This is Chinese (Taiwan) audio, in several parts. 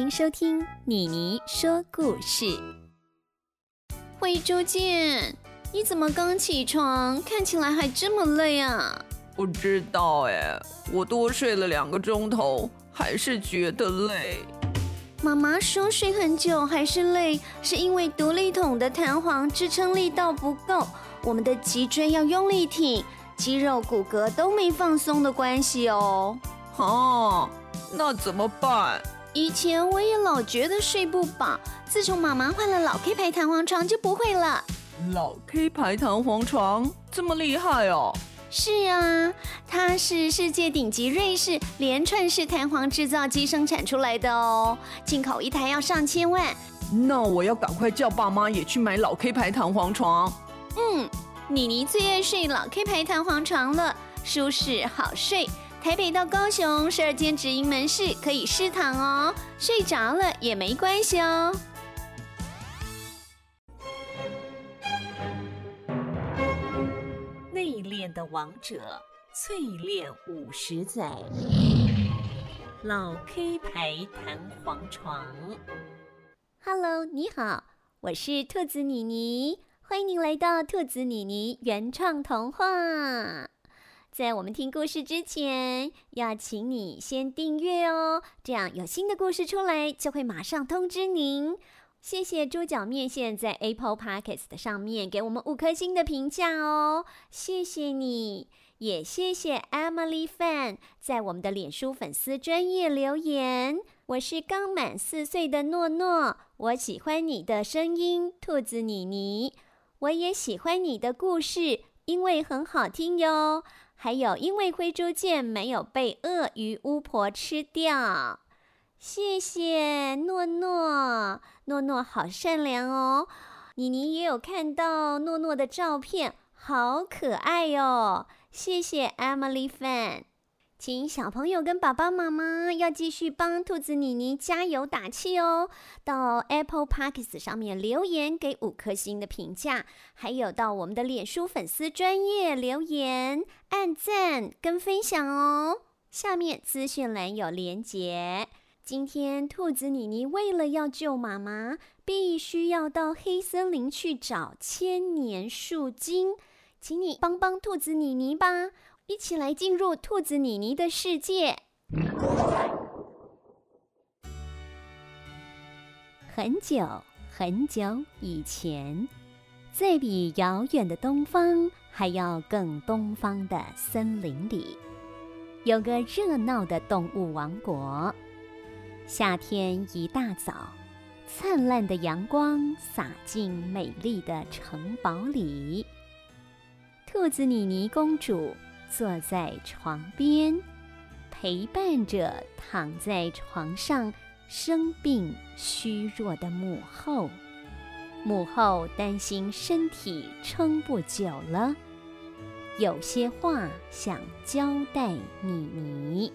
您收聽妮妮說故事。灰豬見，你怎麼剛起床，看起來還這麼累啊？不知道哎，我多睡了兩個鐘頭，還是覺得累。媽媽說睡很久還是累，是因為獨立筒的彈簧支撐力道不夠，我們的脊椎要用力挺，肌肉骨骼都沒放鬆的關係哦。哦、啊，那怎麼辦？以前我也老覺得睡不飽，自從媽媽換了老 K 牌彈簧床就不會了。老 K 牌彈簧床這麼厲害哦？是啊，它是世界頂級瑞士連串式彈簧製造機生產出來的哦，進口一台要上千萬。那我要趕快叫爸媽也去買老 K 牌彈簧床。嗯，妮妮最愛睡老 K 牌彈簧床了，舒適好睡。台北到高雄十二間直營門市可以試躺哦，睡着了也沒關係哦。內斂的王者，淬鍊五十載。 老 K 牌彈簧床。Hello，你好，我是兔子妮妮，歡迎您來到兔子妮妮原創童話。在我們聽故事之前，要請你先訂閱哦，這樣有新的故事出來就會馬上通知您。謝謝豬腳麵線在 Apple Podcast 的上面給我們五顆星的評價哦，謝謝你，也謝謝 Emily Fan 在我們的臉書粉絲專頁留言。我是剛滿四歲的諾諾，我喜歡你的聲音，兔子妮妮，我也喜歡你的故事，因為很好聽喲。還有，因為徽州艦沒有被鱷魚巫婆吃掉，謝謝諾諾，諾諾好善良哦。妮妮也有看到諾諾的照片，好可愛喲，哦，謝謝 Emily Fan。請小朋友跟爸爸媽媽要繼續幫兔子妮妮加油打氣哦！到 Apple Podcast 上面留言給五顆星的評價，還有到我們的臉書粉絲專頁留言、按讚跟分享哦。下面資訊欄有連結。今天兔子妮妮為了要救媽媽，必須要到黑森林去找千年樹精，請你幫幫兔子妮妮吧。一起來進入兔子妮妮的世界。很久很久以前，在比遙遠的東方還要更東方的森林裡，有個熱鬧的動物王國。夏天一大早，燦爛的陽光灑進美麗的城堡裡，兔子妮妮公主坐在床邊，陪伴着躺在床上生病虛弱的母後。母後擔心身體撐不久了，有些話想交代妮妮。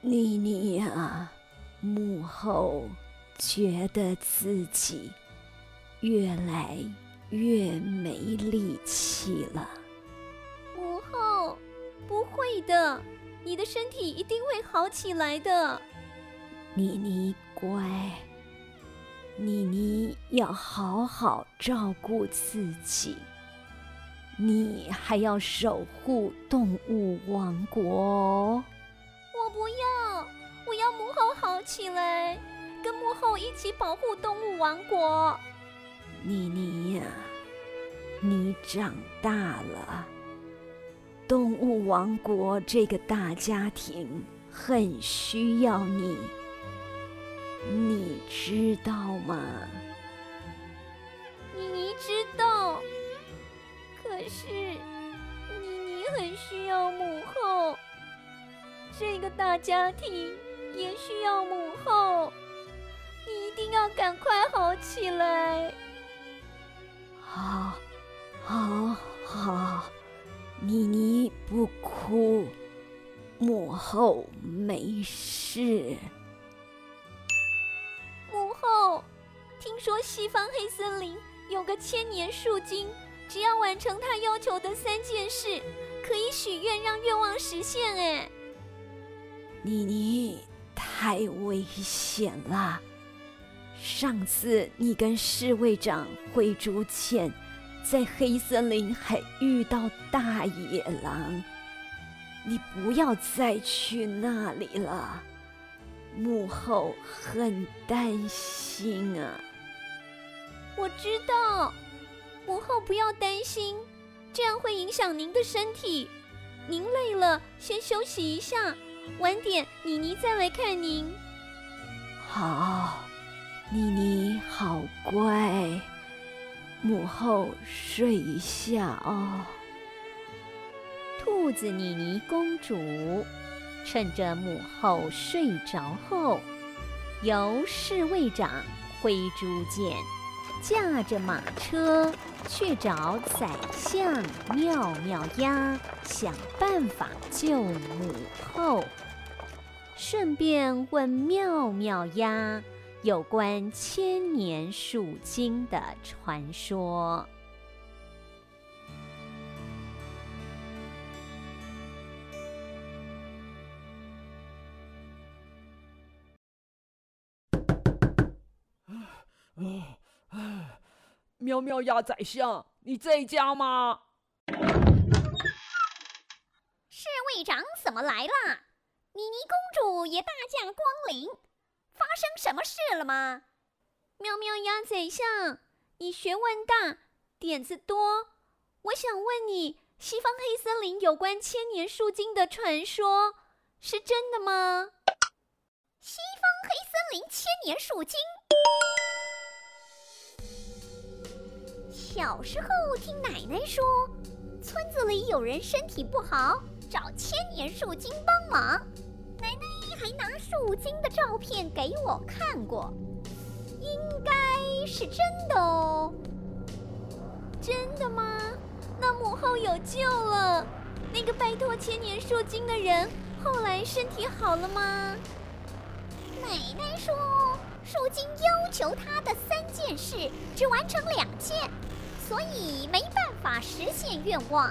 妮妮啊，母後覺得自己越來。越沒力氣了，母後，不會的，你的身體一定會好起來的。妮妮乖，妮妮要好好照顧自己，你還要守護動物王國。我不要，我要母後好起來，跟母後一起保護動物王國。妮妮呀，你長大了。動物王國這個大家庭很需要你，你知道嗎？妮妮知道。可是妮妮很需要母後，這個大家庭也需要母後，你一定要趕快好起來。好，好，好，妮妮不哭，母後沒事。母後，聽說西方黑森林有個千年樹精，只要完成他要求的三件事，可以許願讓願望實現。哎，妮妮，太危險了。上次你跟侍衛長回竹倩，在黑森林還遇到大野狼，你不要再去那裡了，母後很擔心啊。我知道，母後不要擔心，這樣會影響您的身體。您累了，先休息一下，晚點妮妮再來看您。好。妮妮好乖，母後睡一下哦。兔子妮妮公主，趁着母後睡着後，由侍衛長揮豬劍，駕着馬車去找宰相妙妙鴨，想辦法救母後，順便問妙妙鴨有關千年樹精的傳說。喵喵鴨宰相，你在家嗎？侍衛長怎麼來了？妮妮公主也大駕光臨。發生什麼事了嗎？喵喵鴨宰相，你學問大，點子多，我想問你，西方黑森林有關千年樹精的傳說是真的嗎？西方黑森林千年樹精，小時候聽奶奶說，村子裡有人身體不好，找千年樹精幫忙。還拿樹精的照片給我看過，應該是真的哦。真的嗎？那母後有救了。那個拜托千年樹精的人，後來身體好了嗎？奶奶說，樹精要求他的三件事只完成兩件，所以沒辦法實現願望。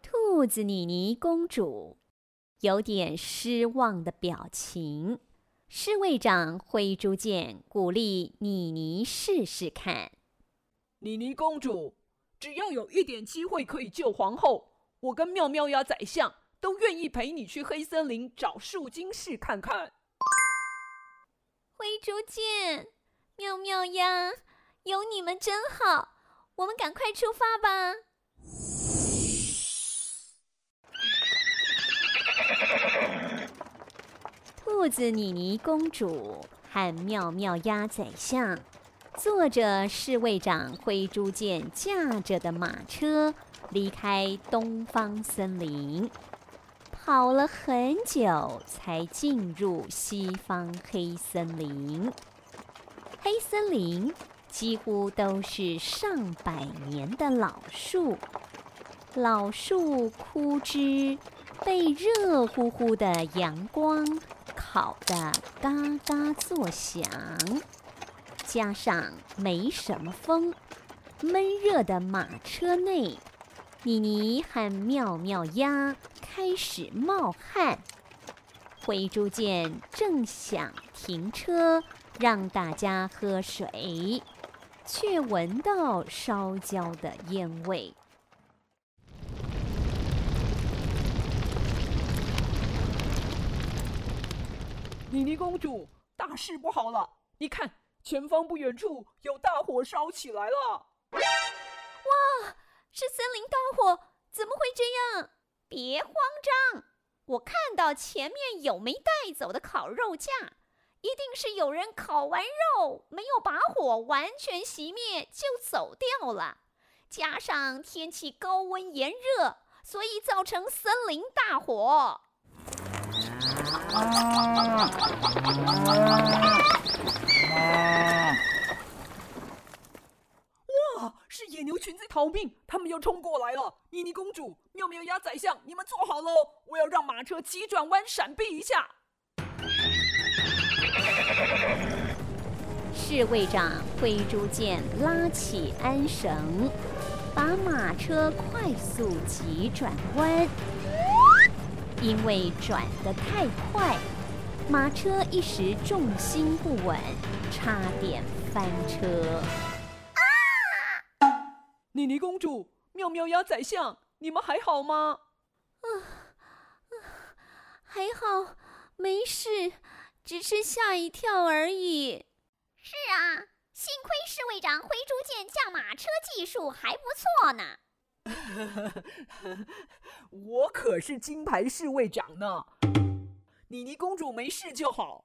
兔子妮妮公主。有點失望的表情，侍衛長揮朱劍鼓勵妮妮妮試試看。妮妮公主，只要有一點機會可以救皇後，我跟妙妙鴨宰相都願意陪你去黑森林找樹精試看看。揮朱劍，妙妙鴨，有你們真好，我們趕快出發吧。兔子妮妮公主和妙妙鴨宰相，坐着侍衛長灰朱建駕着的馬車離開東方森林，跑了很久才進入西方黑森林。黑森林幾乎都是上百年的老樹，老樹枯枝被熱乎乎的陽光。跑得嘎嘎作響，加上沒什麼風，悶熱的馬車內，妮妮和妙妙鴨開始冒汗。灰豬見正想停車讓大家喝水，卻聞到燒焦的煙味。妮妮公主，大事不好了！你看，前方不遠處有大火燒起來了。哇，是森林大火！怎麼會這樣？別慌張，我看到前面有沒帶走的烤肉架，一定是有人烤完肉沒有把火完全熄滅就走掉了。加上天氣高溫炎熱，所以造成森林大火。啊哇！是野牛群在逃命，他們要衝過來了！妮妮公主、妙妙鴨宰相，你們坐好嘍！我要讓馬車急轉彎閃避一下。侍衛長揮出劍，拉起鞍繩，把馬車快速急轉彎，因為轉得太快。馬車一時重心不穩，差點翻車。啊、妮妮公主、妙妙鴨宰相，你們還好嗎？啊，啊，還好，沒事，只是嚇一跳而已。是啊，幸虧侍衛長回逐劍駕馬車技術還不錯呢。 我可是金牌侍衛長呢。妮妮公主沒事就好。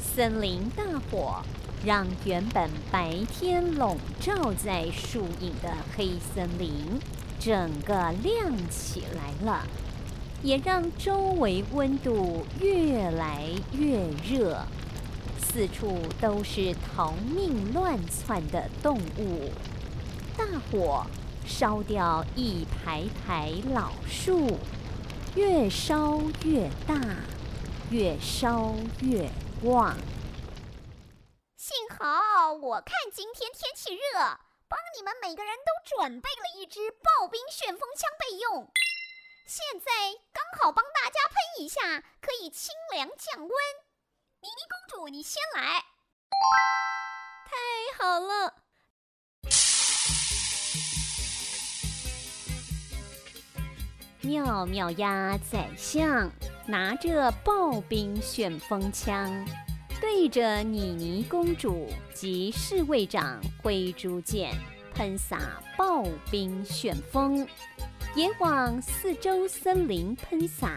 森林大火讓原本白天籠罩在樹影的黑森林整個亮起來了，也讓周圍溫度越來越熱，四處都是逃命亂竄的動物。大火燒掉一排排老樹。越燒越大，越燒越旺。幸好我看今天天氣熱，幫你們每個人都準備了一支爆冰旋風槍備用。現在剛好幫大家噴一下，可以清涼降溫。妮妮公主，你先來。太好了。妙妙鴨宰相拿着暴冰旋風槍，對着妮妮公主及侍衛長揮出劍，噴灑暴冰旋風，也往四周森林噴灑。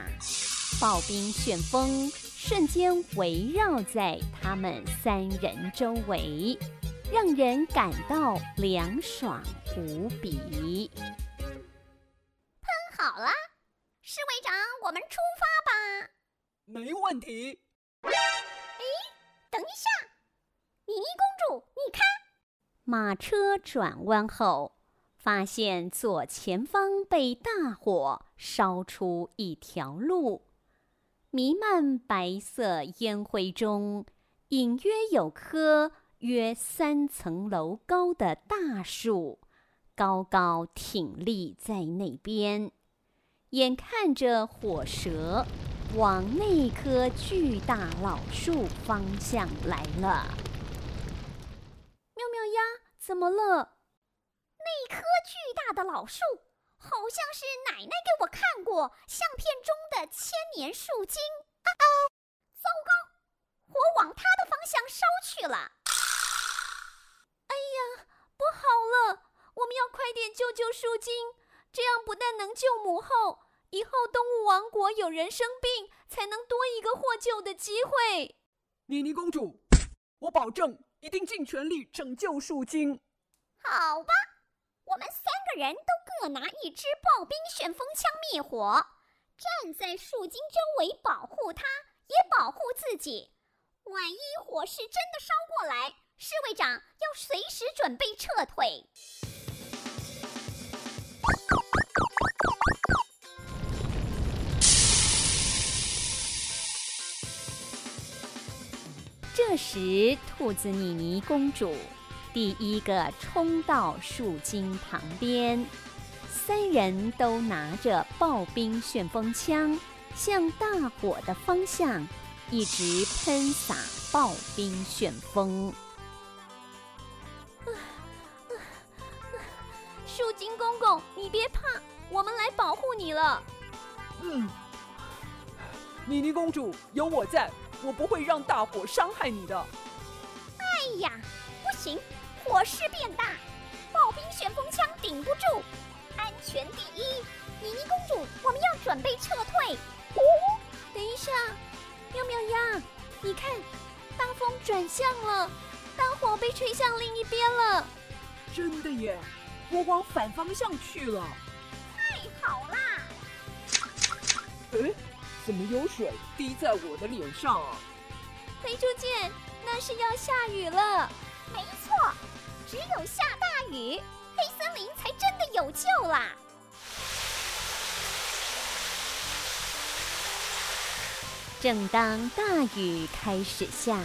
暴冰旋風瞬間圍繞在他們三人周圍，讓人感到涼爽無比。好了，侍衛長，我們出發吧。沒問題。哎，等一下，妮妮公主，你看，馬車轉彎後，發現左前方被大火燒出一條路，瀰漫白色煙灰中，隱約有棵約三層樓高的大樹，高高挺立在那邊。眼看着火蛇往那棵巨大老樹方向來了，喵喵呀，怎麼了？那棵巨大的老樹好像是奶奶給我看過相片中的千年樹精。啊，啊糟糕，火往他的方向燒去了！哎呀，不好了，我們要快點救救樹精，這樣不但能救母後。以後動物王國有人生病，才能多一個獲救的機會。妮妮公主，我保證一定盡全力拯救樹精。好吧，我們三個人都各拿一支暴冰旋風槍滅火，站在樹精周圍保護它，也保護自己。萬一火勢真的燒過來，侍衛長要隨時準備撤退。這時，兔子妮妮公主第一個衝到樹精旁邊，三人都拿着暴冰旋風槍，向大火的方向一直噴灑暴冰旋風。啊啊啊、樹精公公，你別怕，我們來保護你了。嗯，妮妮公主，有我在。我不會讓大火傷害你的。哎呀，不行，火勢變大，暴兵旋風槍頂不住，安全第一。妮妮公主，我們要準備撤退。哦，等一下，喵喵呀，你看，大風轉向了，大火被吹向另一邊了。真的耶，我往反方向去了。太好啦！嗯。怎麼有水滴在我的臉上啊？黑豬見，那是要下雨了。沒錯，只有下大雨，黑森林才真的有救啦。正當大雨開始下，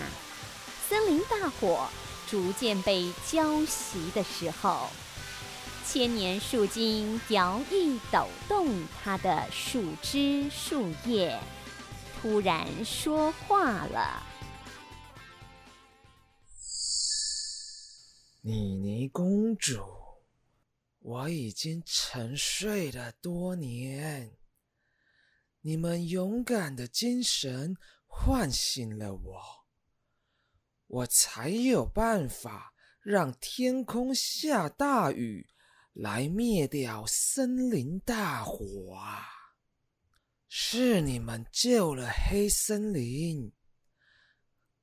森林大火逐漸被澆熄的時候。千年樹精搖曳抖，抖動它的樹枝樹葉，突然說話了：“妮妮公主，我已經沉睡了多年。你們勇敢的精神喚醒了我，我才有辦法讓天空下大雨。”來滅掉森林大火啊！是你們救了黑森林，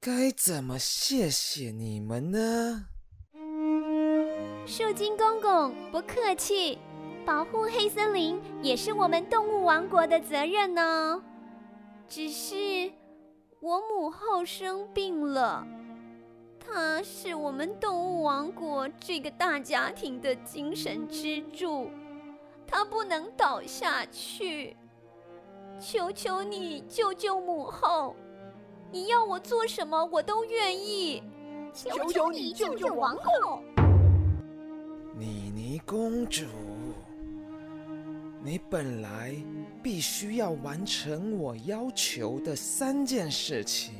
該怎麼謝謝你們呢？樹精公公，不客氣，保護黑森林也是我們動物王國的責任呢。哦，只是我母後生病了。他是我們動物王國這個大家庭的精神支柱，他不能倒下去。求求你救救母後，你要我做什麼我都願意。求求你救救王後。求求你救救王後。妮妮公主，你本來必須要完成我要求的三件事情。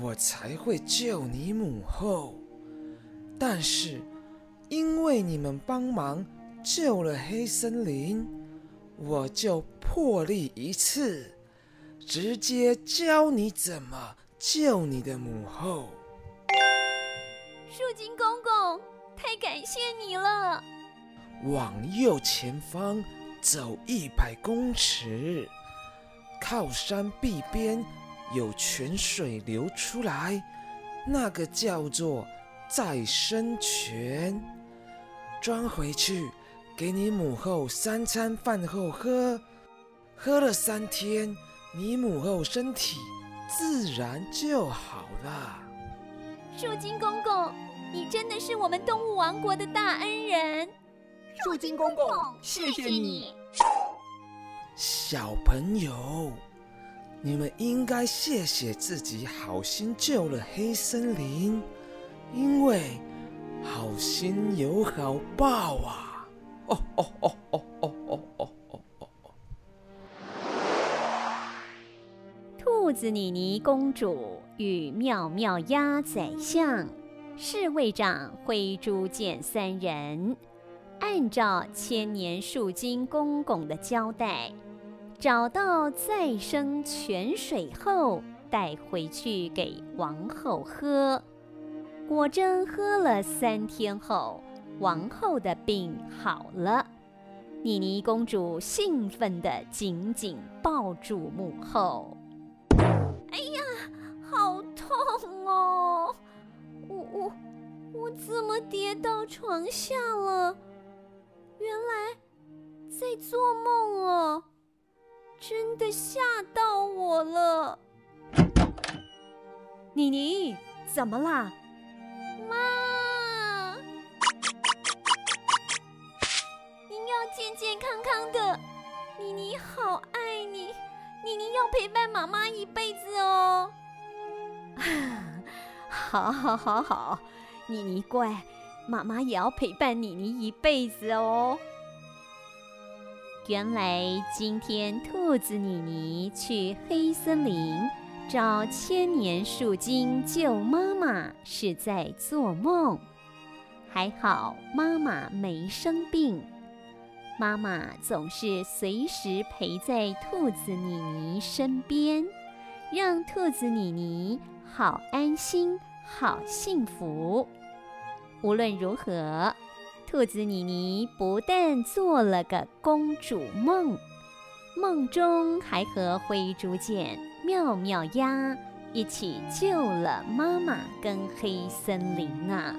我才會救你母後，但是因為你們幫忙救了黑森林，我就破例一次，直接教你怎麼救你的母後。樹精公公，太感謝你了！往右前方走一百公尺，靠山壁邊。有泉水流出來，那個叫做再生泉，裝回去，給你母後三餐飯後喝，喝了三天，你母後身體自然就好了。樹精公公，你真的是我們動物王國的大恩人。樹精公公謝謝，謝謝你，小朋友。你們應該謝謝自己好心救了黑森林，因為好心有好報啊！哦哦哦哦哦哦哦哦哦！兔子妮妮公主與妙妙鴨宰相、侍衛長灰豬見三人，按照千年樹精公公的交代，找到再生泉水後，帶回去給王后喝。果真喝了三天後，王後的病好了。妮妮公主興奮地緊緊抱住母後。哎呀，好痛哦！我我我怎麼跌到床下了？原來在做夢哦。真的嚇到我了，妮妮，怎麼啦？媽，您要健健康康的，妮妮好愛你，妮妮要陪伴媽媽一輩子哦。 啊，好好好好，妮妮乖，媽媽也要陪伴妮妮一輩子哦。原來今天兔子妮妮去黑森林找千年樹精救媽媽是在做夢，還好媽媽沒生病。媽媽總是隨時陪在兔子妮妮身邊，讓兔子妮妮好安心、好幸福。無論如何，兔子妮妮不但做了個公主夢，夢中還和灰豬劍、妙妙鴨一起救了媽媽跟黑森林啊！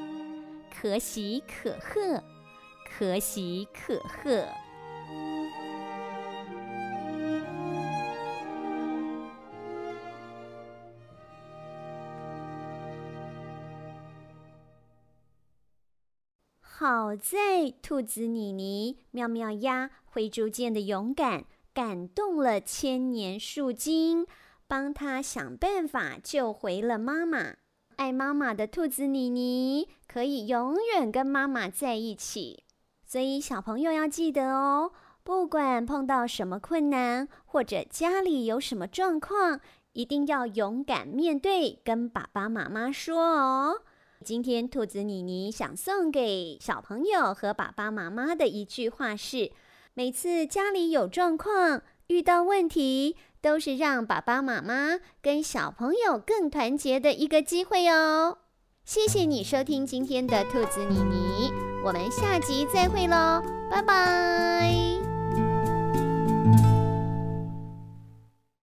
可喜可賀，可喜可賀。好在兔子妮妮、妙妙鴨會逐漸的勇敢，感動了千年樹精，幫他想辦法救回了媽媽。愛媽媽的兔子妮妮可以永遠跟媽媽在一起。所以小朋友要記得哦，不管碰到什麼困難，或者家裡有什麼狀況，一定要勇敢面對，跟爸爸媽媽說哦。今天兔子妮妮想送給小朋友和爸爸媽媽的一句話是：每次家裡有狀況、遇到問題，都是讓爸爸媽媽跟小朋友更團結的一個機會哦。謝謝你收聽今天的兔子妮妮，我們下集再會嘍，拜拜。